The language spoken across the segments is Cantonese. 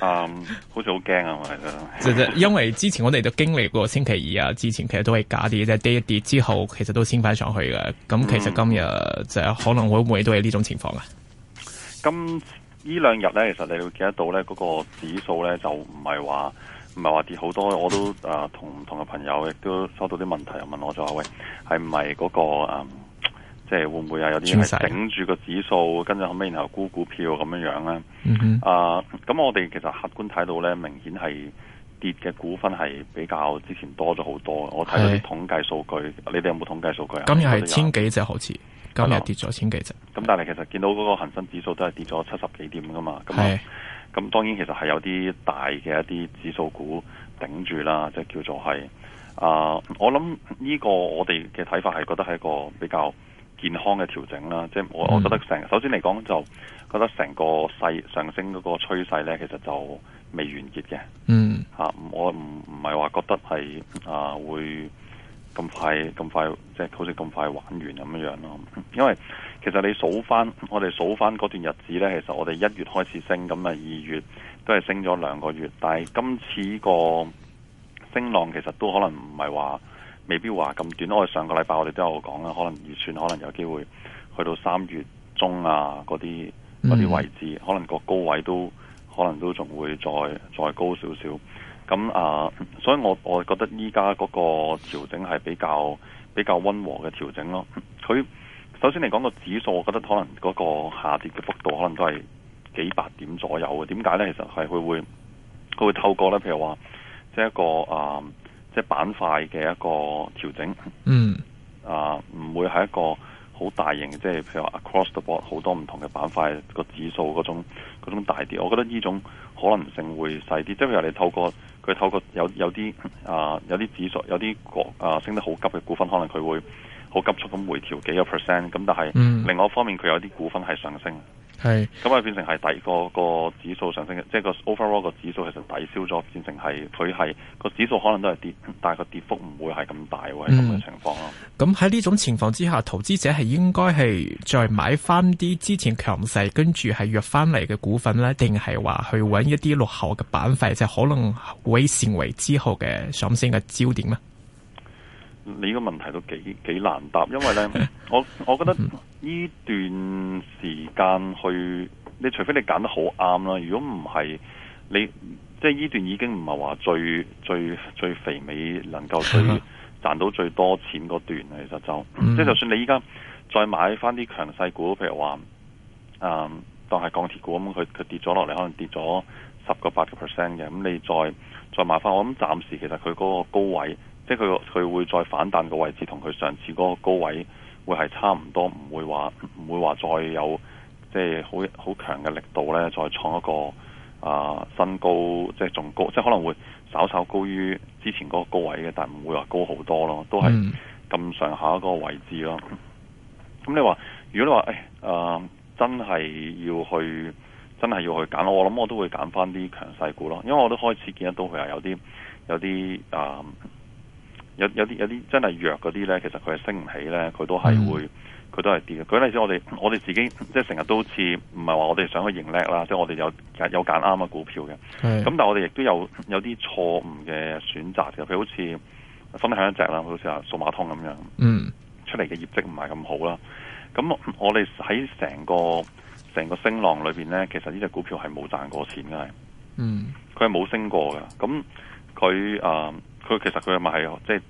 嗯、um,，好似好驚啊！咪其實因為之前我哋都經歷過星期二啊，之前其實都係假跌，即、就、係、是、跌一跌之後，其實都升翻上去嘅。咁其實今日即係可能會唔會都係呢種情況啊？今、嗯、呢兩日咧，其實你會見得到咧，嗰個指數咧就唔係話唔係話跌好多。我都誒、啊、同唔同嘅朋友亦都收到啲問題，問我就話喂係唔係嗰個誒。嗯即係會唔會有啲係頂住個指數，跟住後尾然後沽股票咁樣樣咧，嗯？啊，咁我哋其實客觀睇到咧，明顯係跌嘅股份係比較之前多咗好多。我睇到啲統計數據，你哋有冇統計數據啊？今日係千幾隻好似，今日跌咗千幾隻。咁，啊，但係其實見到嗰個恒生指數都係跌咗七十幾點噶嘛。咁，啊，咁，啊，當然其實係有啲大嘅一啲指數股頂住啦，即、就、係、是、叫做係啊。我諗呢個我哋嘅睇法係覺得係一個比較。健康嘅調整啦，即係我，我覺得成首先嚟講就覺得成個勢上升嗰個趨勢咧，其實就未完結嘅。嗯，嚇、啊，我唔唔係話覺得係啊會咁快咁快，即係、就是、好似咁快玩完咁樣樣咯。因為其實你數返我哋數返嗰段日子咧，其實我哋一月開始升咁啊，二月都係升咗兩個月，但係今次個升浪其實都可能唔係話。未必話咁短，我哋上個禮拜我哋都有講啦，可能預算可能有機會去到三月中啊，嗰啲嗰啲位置，嗯、可能個高位都可能都仲會再再高少少。咁啊，uh, 所以我我覺得依家嗰個調整係比較比較溫和嘅調整咯。佢首先嚟講個指數，我覺得可能嗰個下跌嘅幅度可能都係幾百點左右嘅。點解呢？其實係佢會佢會透過呢，譬如話即係一個啊。Uh, 即係板塊嘅一個調整，嗯、mm. 啊，唔會係一個好大型，即係譬如話 across the board 好多唔同嘅板塊個指數嗰種嗰種大跌，我覺得呢種可能性會細啲，即係譬如你透過佢透過有有啲啊有啲指數有啲股啊升得好急嘅股份，可能佢會好急速咁回調幾個 percent，咁但係另外一方面佢有啲股份係上升。係，咁啊變成係第二個個指數上升嘅，即係個 overall 個指數其實抵消咗，變成係佢係個指數可能都係跌，但係個跌幅唔會係咁大，係咁嘅情況咯。咁喺呢種情況之下，投資者係應該係再買翻啲之前強勢跟住係弱翻嚟嘅股份咧，定係話去搵一啲落後嘅板塊，就係可能會成為之後嘅上升嘅焦點啊？你呢個問題都幾幾難答，因為呢，我我覺得呢段時間去，你除非你揀得好啱啦。如果唔係，你即係呢段已經唔係話最最最肥美，能夠最賺到最多錢嗰段，其實就即係就算你依家再買翻啲強勢股，譬如話，嗯，當係鋼鐵股咁，佢佢跌咗落嚟，可能跌咗十個八個 percent 嘅，咁你再再買翻，我諗暫時其實佢嗰個高位。即係佢佢會再反彈嘅位置，同佢上次嗰個高位會係差唔多，唔會話唔會話再有即係好好強嘅力度咧，再創一個啊、呃、新高，即係仲高，即係可能會稍稍高於之前嗰個高位嘅，但唔會話高好多咯，都係咁上下一個位置咯。咁、mm. 你話，如果你話誒啊，真係要去真係要去揀，我想我諗我都會揀翻啲強勢股咯，因為我都開始見得到佢係有啲有啲啊～、呃有有啲有啲真係弱嗰啲咧，其實佢係升唔起咧，佢都係會佢、嗯、都係跌嘅。舉例子，我哋我哋自己即係成日都好似唔係話我哋想去認叻啦，即係我哋有有揀啱嘅股票嘅。咁但係我哋亦都有有啲錯誤嘅選擇嘅。譬如好似分享一隻啦，好似話數碼通咁樣，嗯、出嚟嘅業績唔係咁好啦。咁我哋喺成個成個升浪裏面咧，其實呢隻股票係冇賺過錢嘅。嗯，佢係冇升過嘅。咁佢佢其實佢咪係即係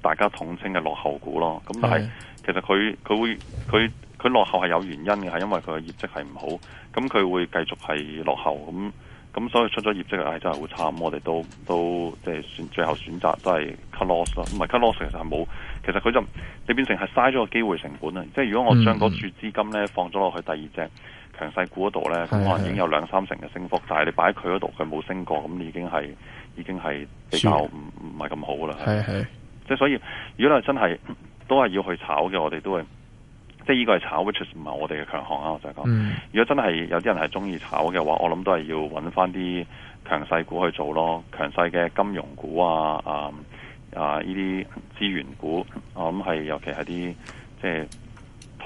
大家統稱嘅落後股咯，咁但係其實佢佢會佢佢落後係有原因嘅，係因為佢嘅業績係唔好，咁佢會繼續係落後，咁、嗯、咁、嗯、所以出咗業績係真係好差，我哋都都即係選最後選擇都係 cut loss 咯，唔係 cut loss 其實係冇，其實佢就你變成係嘥咗個機會成本啦，即係如果我將嗰注資金咧放咗落去第二隻強勢股嗰度咧，可能已經有兩三成嘅升幅，但係你擺喺佢嗰度佢冇升過，咁已經係。已經係比較唔唔係咁好啦，係係，即係所以，如果你真係都係要去炒嘅，我哋都係，即係呢個係炒 which is 唔係我哋嘅強項啊！我就講、嗯，如果真係有啲人係中意炒嘅話，我諗都係要揾翻啲強勢股去做咯，強勢嘅金融股啊，啊啊呢啲資源股，我諗係尤其係啲即係。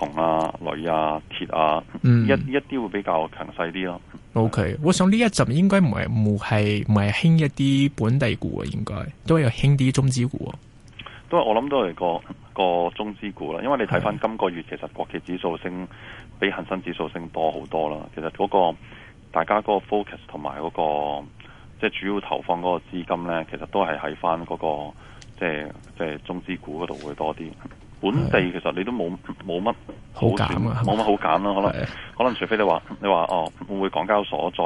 銅啊、鋁啊、鐵、嗯、啊，一一啲會比較強勢啲咯。O、okay, K，我想呢一集應該唔係唔係唔係輕一啲本地股啊，應該都有輕啲中資股啊。都係我諗都係個個中資股啦，因為你睇翻今個月其實國企指數升比恒生指數升多好多啦。其實嗰、嗰個大家嗰個 focus 同埋嗰個即係主要投放嗰個資金咧，其實都係喺翻嗰個即係即係中資股嗰度會多啲。本地其實你都冇冇乜好揀，冇乜、啊、好揀咯、啊。可能可能除非你話你話哦，會唔會港交所再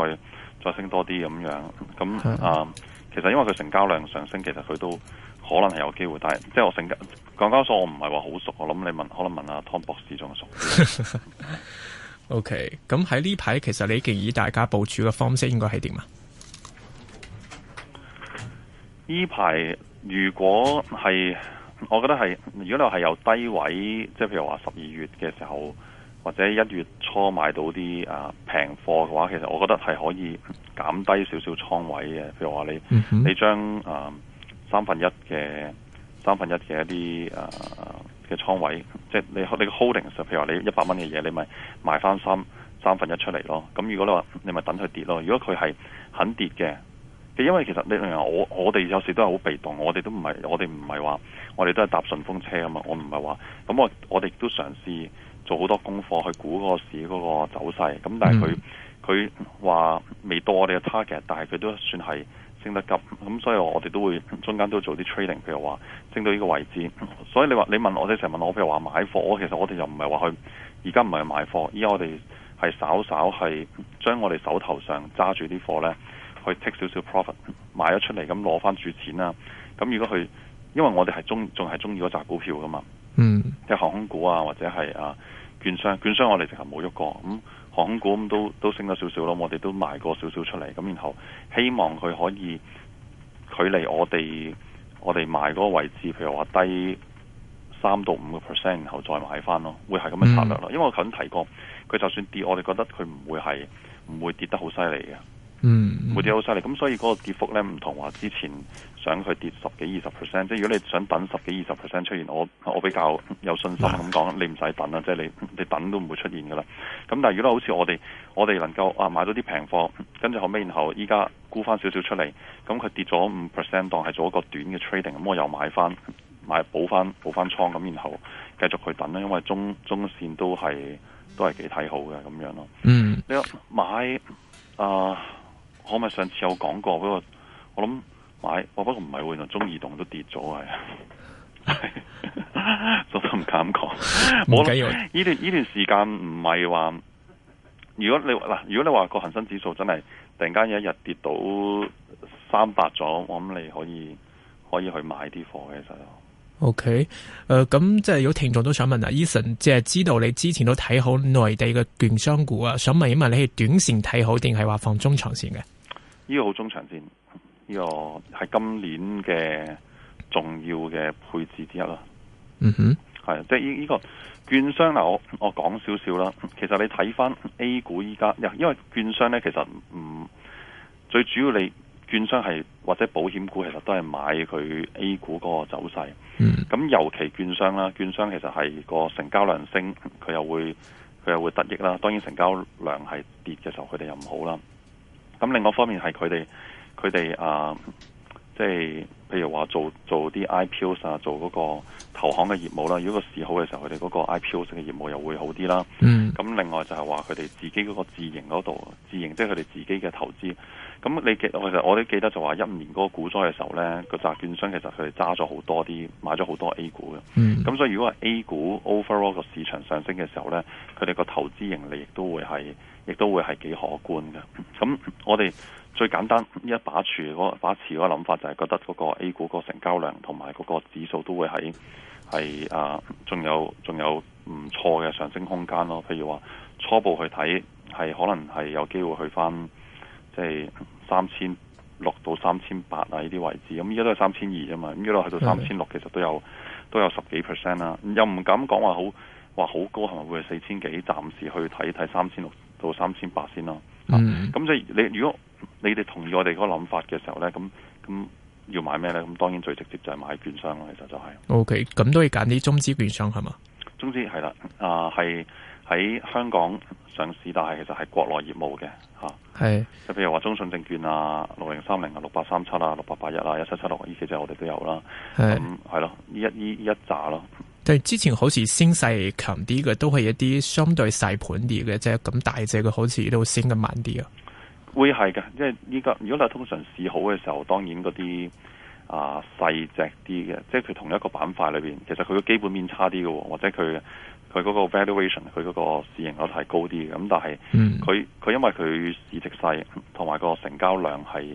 再升多啲咁樣？咁啊，其實因為佢成交量上升，其實佢都可能係有機會。但係即係我成交港交所，我唔係話好熟。我諗你問，可能問下湯博士仲熟。OK，咁喺呢排其實你建議大家部署嘅方式應該係點啊？呢排如果係。我覺得係，如果你話係有低位，即係譬如話十二月嘅時候，或者一月初買到啲啊平貨嘅話，其實我覺得係可以減低少少倉位嘅。譬如話你、嗯，你將啊三分一嘅三分一嘅一啲啊嘅倉位，即係你你嘅 holding，譬如話你一百蚊嘅嘢，你咪賣翻三三分一出嚟咯。咁如果你話你咪等佢跌咯，如果佢係肯跌嘅。因為其實你明我我哋有時都係好被動，我哋都唔係，我哋唔係話，我哋都係搭順風車啊嘛，我唔係話，咁我我哋都嘗試做好多功課去估個市嗰個走勢，咁但係佢佢話未到我哋嘅 target，但係佢都算係升得急，咁所以我哋都會中間都做啲 trading，譬如話升到呢個位置，所以你話你問我成日問我，譬如話買貨，我其實我哋就唔係話去，而家唔係去買貨，而家我哋係稍稍係將我哋手頭上揸住啲貨咧。去 take 少少 profit，賣咗出嚟咁攞翻住錢啦。咁如果佢，因為我哋係中仲係中意嗰扎股票噶嘛，嗯，即係航空股啊或者係啊，券商券商我哋直頭冇喐過。咁航空股咁都都升咗少少咯，我哋都賣過少少出嚟。咁然後希望佢可以距離我哋我哋賣嗰個位置，譬如話低三到五個 percent，然後再買翻咯，會係咁嘅策略咯。Mm. 因為我頭先提過，佢就算跌，我哋覺得佢唔會係唔會跌得好犀利嘅。嗯，會跌好犀利，咁所以嗰個跌幅咧唔同話之前想佢跌十幾二十 percent，即係如果你想等十幾二十 percent 出現，我我比較有信心咁講，你唔使等啦，即係你你等都唔會出現噶啦。咁但係如果好似我哋我哋能夠啊買到啲平貨，跟住後尾，然後依家沽翻少少出嚟，咁佢跌咗五 percent，當係做一個短嘅 trading，咁我又買翻買補翻補翻倉，咁然後繼續去等啦，因為中中線都係都係幾睇好嘅咁樣咯。嗯，你買啊？可我咪上次有講過我、哦，不過不、啊、 我諗買，我不過唔係喎，仲中移動都跌咗，係我都唔敢講冇計。呢段呢段時間唔係話，如果你嗱，如果你話個恒生指數真係突然間有一日跌到三百咗，我諗你可以可以去買啲貨嘅其實。O K，誒咁即係有聽眾都想問啊，Ethan 即係知道你之前都睇好內地嘅券商股啊，想問一問你係短線睇好定係話放中長線嘅？呢個好中長線，呢個係今年嘅重要嘅配置之一咯。嗯哼，係即係依依個券商嗱，我我講少少啦。其實你睇翻 A 股依家，因為券商咧，其實唔最主要，你券商係或者保險股，其實都係買佢 A 股嗰個走勢。咁，嗯，尤其券商啦，券商其實係個成交量升，佢又會佢又會得益啦。當然成交量係跌嘅時候，佢哋又唔好啦。咁另外一方面係佢哋佢哋啊，即係譬如話做做啲 IPO 啊，做嗰個投行嘅業務啦。如果個市好嘅時候，佢哋嗰個 IPOs 嘅業務又會好啲啦。嗯。咁另外就係話佢哋自己嗰個自營嗰度自營，即係佢哋自己嘅投資。咁你其實我都記得就話一五年嗰個股災嘅時候咧，個債券商其實佢哋揸咗好多啲，買咗好多 A 股嘅。嗯。咁所以如果係 A 股 overall 個市場上升嘅時候咧，佢哋個投資盈利亦都會係。亦都會係幾可觀嘅。咁我哋最簡單一把住嗰把持嗰個諗法，就係覺得嗰個 A 股個成交量同埋嗰個指數都會喺係啊，仲有仲有唔錯嘅上升空間咯。譬如話初步去睇係可能係有機會去返即係三千六到三千八啊呢啲位置。咁依家都係三千二吖嘛。咁一路去到三千六，其實都有都有十幾 percent 啦。又唔敢講話好話好高，係咪會係四千幾？暫時去睇睇三千六。到三千八先咯，咁、嗯、即係你如果你哋同意我哋嗰個諗法嘅時候咧，咁咁要買咩咧？咁當然最直接就係買券商咯，其實就係、是。O K，咁都要揀啲中資券商係嘛？中資係啦，啊，係喺香港上市，但係其實係國內業務嘅嚇。係、啊，就譬如話中信證券啊、六零三零啊、六八三七啊、六八八一啊、一七七六呢幾隻，我哋都有啦。係咁，係咯，呢一呢一紮咯。即係，之前好似升勢強啲嘅，都係一啲相對細盤啲嘅，即係咁大隻嘅，好似都升得慢啲啊。會係㗎，即係依家，如果你通常市好嘅時候，當然嗰啲啊，細隻啲嘅，即係佢同一個板塊裏邊，其實佢嘅基本面差啲嘅，或者佢佢嗰個 valuation，佢嗰個市盈率係高啲嘅。咁但係，嗯，佢佢因為佢市值細，同埋個成交量係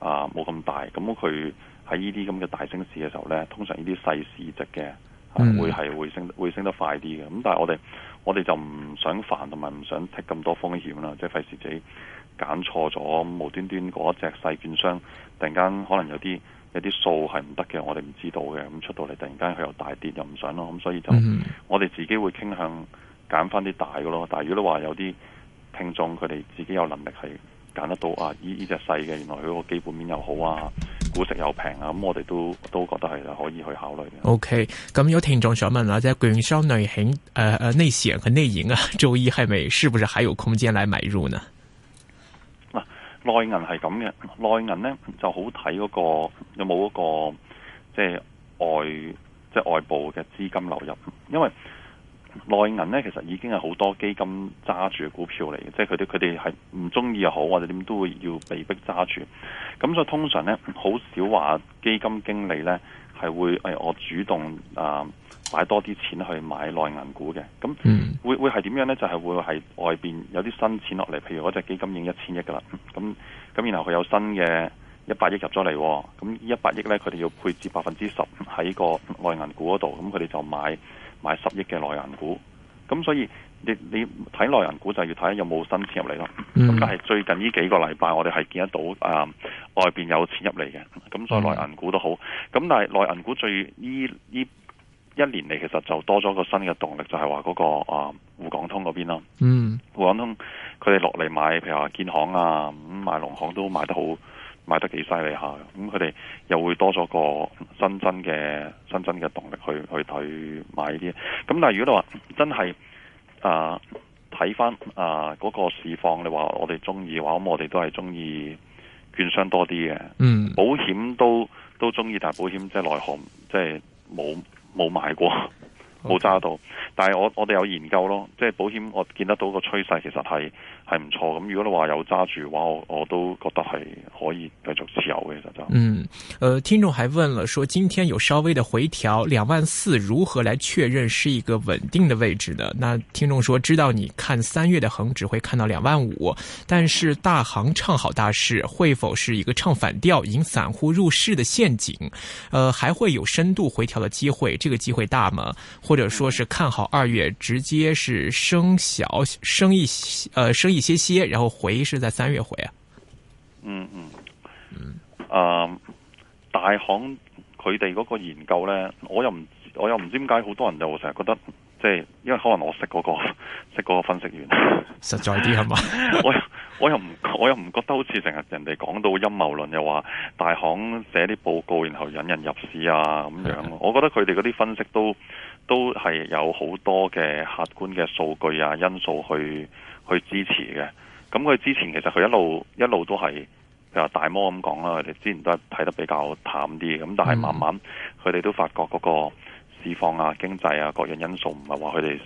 啊冇咁大，咁佢喺呢啲咁嘅大升市嘅時候咧，通常呢啲細市值嘅，嗯、會係會升會升得快啲嘅，咁但係我哋我哋就唔想煩，同埋唔想 take 咁多風險啦，即係費事自己揀錯咗，無端端嗰一隻細券商突然間可能有啲有啲數係唔得嘅，我哋唔知道嘅，咁出到嚟突然間佢又大跌又唔想咯，咁所以就我哋自己會傾向揀翻啲大嘅咯，但係如果你話有啲聽眾佢哋自己有能力係。揀得到啊！依依隻細嘅，原來佢個基本面又好啊，股息又平啊，咁、嗯、我哋都都覺得係可以去考慮嘅。OK，咁有聽眾想問下，即係券商 e e n show 內行誒誒內險和內銀啊，周一係咪是不是還有空間來買入呢？嗱、啊，內銀係咁嘅，內銀咧就好睇嗰、那個有冇嗰、那個即係、就是、外即係、就是、外部嘅資金流入，因為。內銀咧，其實已經係好多基金揸住嘅股票嚟嘅，即係佢哋佢哋係唔中意又好，或者點都會要被逼揸住。咁所以通常咧，好少話基金經理咧係會誒、哎，我主動誒、啊、買多啲錢去買內銀股嘅。咁會會係點樣咧？就係、是、會係外邊有啲新錢落嚟，譬如嗰隻基金已經一千億噶啦。咁咁然後佢有新嘅一百億入咗嚟，咁一百億咧，佢哋要配置百分之十喺個內銀股嗰度，咁佢哋就買。買十億嘅內銀股，咁所以你你睇內銀股就要睇有冇新錢入嚟咯。咁、嗯、但係最近呢幾個禮拜，我哋係見得到誒，外、呃、邊有錢入嚟嘅。咁所以內銀股都好，咁、嗯、但係內銀股最呢呢一年嚟，其實就多咗個新嘅動力，就係話嗰個啊滬、呃、港通嗰邊咯。嗯，滬港通佢哋落嚟買，譬如話建行啊，咁買農行都買得好。買得幾犀利下嘅，咁佢哋又會多咗個新增嘅、新增嘅動力去去睇買呢啲。咁但係如果你話真係啊睇翻啊嗰個市況，你話我哋中意嘅話，咁我哋都係中意券商多啲嘅。嗯，保險都都中意，但係保險即係內行，即係冇冇買過，冇、okay. 揸到。但係我我哋有研究咯，即係保險我見得到個趨勢，其實係。係唔錯。咁，如果你話有揸住嘅話，我我都覺得係可以繼續持有嘅就就。嗯，呃，聽眾還問了，說今天有稍微的回調，兩萬四如何來確認是一個穩定的位置呢？那聽眾說，知道你看三月的恒指會看到兩萬五，但是大行唱好大市會否是一個唱反調引散戶入市的陷阱？呃，還會有深度回調的機會，這個機會大嗎？或者說是看好二月直接是升小升一，呃，升一？一些些，然後回是在三月回啊。嗯嗯嗯，啊、呃、大行佢哋嗰個研究咧，我又唔我又唔知點解好多人就成日覺得，即係因為可能我識嗰、嗰個識嗰個分析員，實在啲係嘛？我又我又唔我又唔覺得好似成日人哋講到陰謀論又話大行寫啲報告然後引人入市啊咁樣， 我覺得佢哋嗰啲分析都都係有好多嘅客觀嘅數據啊因素去。去支持嘅，咁佢之前其實佢一路一路都係譬如大摩咁講啦，佢哋之前都係睇得比較淡啲，咁但係慢慢佢哋都發覺嗰個市況啊、經濟啊各樣因素唔係話佢哋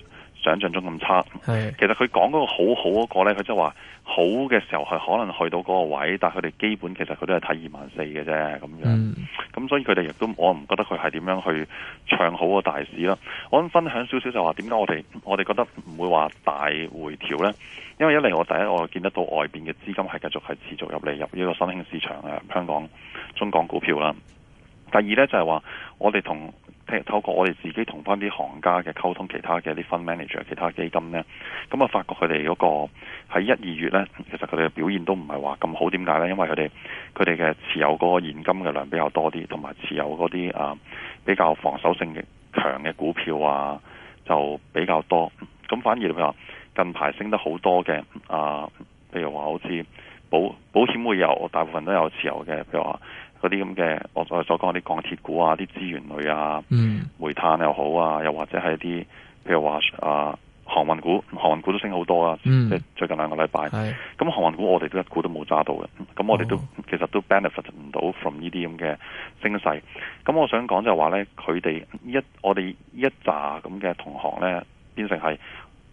想像中咁差的，其實佢講嗰個好好嗰、嗰個咧，佢即係話好嘅時候係可能去到嗰個位，但係佢哋基本其實佢都係睇二萬四嘅啫咁樣，咁、嗯、所以佢哋亦都我唔覺得佢係點樣去唱好個大市咯。我想分享少少就話點解我哋我哋覺得唔會話大回調呢？因為一嚟我第一我見得到外邊嘅資金係繼續係持續入嚟入呢個新興市場誒香港中港股票啦，第二呢就是說，就係話我哋同。係透過我哋自己同翻啲行家嘅溝通，其他嘅啲 fund manager 其他基金咧，咁啊，發覺佢哋嗰個喺一二月咧，其實佢哋嘅表現都唔係話咁好，點解咧？因為佢哋佢哋嘅持有嗰個現金嘅量比較多啲，同埋持有嗰啲啊比較防守性嘅強嘅股票啊就比較多。咁反而譬如話近排升得好多嘅啊，譬如話好似。保保險會有，大部分都有持有嘅。譬如話嗰啲咁嘅，我我所講啲鋼鐵股啊，啲資源類啊，mm. 煤炭又好啊，又或者係啲譬如話啊航運股，航運股都升好多啊。即、mm. 係最近兩個禮拜。咁航運股我哋都一股都冇揸到嘅，咁我哋都、oh. 其實都 benefit 唔到 from 呢啲咁嘅升勢。咁我想講就話咧，佢哋一我哋一紮咁嘅同行咧，變成係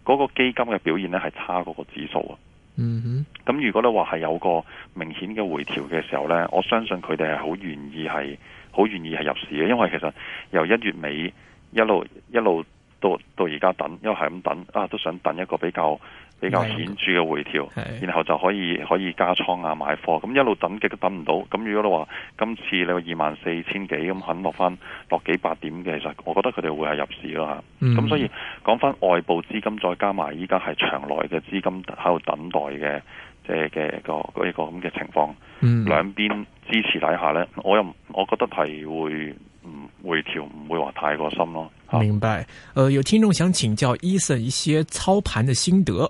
嗰個基金嘅表現咧，係差嗰個指數啊。嗯哼，咁如果你話係有個明顯嘅回調嘅時候呢，我相信佢哋係好願意係，好願意係入市嘅，因為其實由一月尾一路一路到到而家等，因為係咁等，啊都想等一個比較。比較顯著嘅回調，然後就可以可以加倉啊，買貨咁一路等極都等唔到。咁如果你話今次你話二萬四千幾咁，肯落翻落幾百點嘅，其實我覺得佢哋會係入市咯吓。咁、嗯、所以講翻外部資金，再加埋依家係場內嘅資金喺度等待嘅，即係嘅個一個咁嘅情況，兩、嗯、邊支持底下呢，我又我覺得係會回調，唔會話太過深咯。明白。呃、有聽眾想請教 Ethan 一些操盤嘅心得。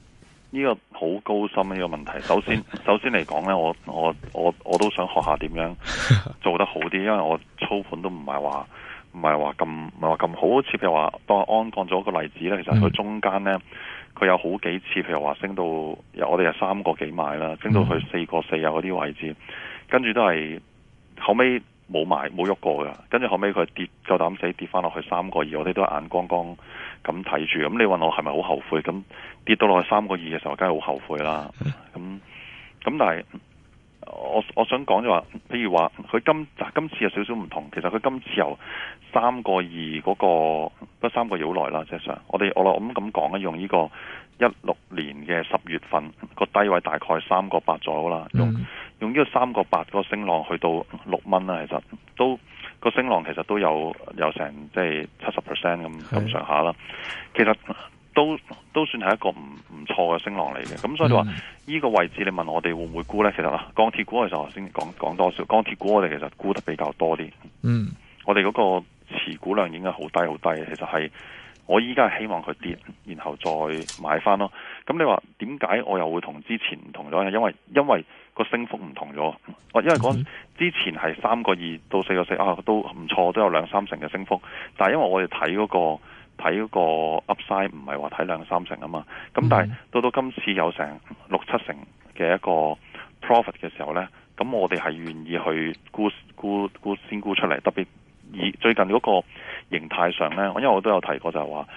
呢個好高深呢個問題。首先，首先嚟講呢，我我我我都想學下點樣做得好啲，因為我操盤都唔係話唔係話咁唔係話咁好。好似譬如話當安降咗個例子呢，其實佢中間呢，佢有好幾次，譬如話升到，我哋有三個幾買啦，升到去四個四啊嗰啲位置，跟住都係後尾。冇埋，冇喐過㗎。跟住後尾，佢跌夠膽死跌翻落去三個二，我哋都眼光光咁睇住，咁你問我係咪好後悔？咁跌到落去三個二嘅時候，梗係好後悔啦。咁咁但係。我我想講就話，譬如話佢今今次有少少唔同，其實佢今次由三個二嗰個，那個三個幾好耐啦，即係上。我哋我諗咁講咧，用呢個一六年嘅十月份個低位大概三個八左右啦，用用呢個三個八嗰個升浪去到六蚊啦，其實都、那個升浪其實都有有成即係七十 percent 咁咁上下啦，其實。都都算係一個唔唔錯嘅升浪嚟嘅，咁、嗯、所以話呢、嗯呢個位置你問我哋會唔會沽呢？其實啦，鋼鐵股其實頭先講講多少，鋼鐵股我哋其實沽得比較多啲。嗯，我哋嗰個持股量已經係好低好低，其實係我依家希望佢跌，然後再買翻咯。咁你話點解我又會同之前唔同咗？因為因為個升幅唔同咗，因為講、嗯、之前係三個二到四個四啊，都唔錯，都有兩三成嘅升幅，但係因為我哋睇嗰個。睇嗰個 Upside 唔係話睇兩三成啊嘛，咁但係到、mm-hmm. 到今次有成六七成嘅一個 Profit 嘅時候呢，咁我哋係願意去沽沽沽，沽先沽出嚟，特別以最近嗰個形態上呢，因為我都有提過就係話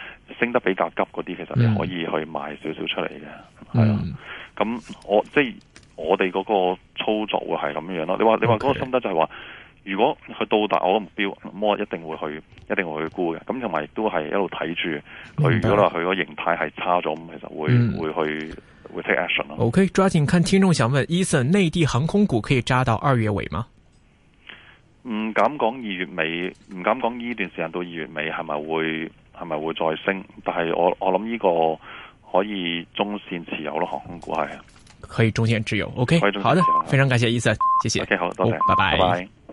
升得比較急嗰啲，其實你可以去賣少少出嚟嘅，係、mm-hmm. 啊，咁我即係、就是、我哋嗰個操作會係咁樣樣咯。你話你話嗰個心得就係話。Okay. 如果佢到達我個目標，咁我一定會去，一定會去沽嘅。咁同埋都係一路睇住佢。如果啦佢個形態係差咗，咁其實會會去、嗯、會 take action 咯。OK，抓緊看聽眾想問，Ethan，內地航空股可以揸到到二月尾嗎？唔敢講二月尾，唔敢講呢段時間到二月尾係咪會係咪會再升？但係我我諗呢個可以中線持有咯，航空股係可，okay, 可以中線持有。OK，好，好的，非常感謝 Ethan，謝謝。OK，好多謝，拜、oh, 拜。Bye bye。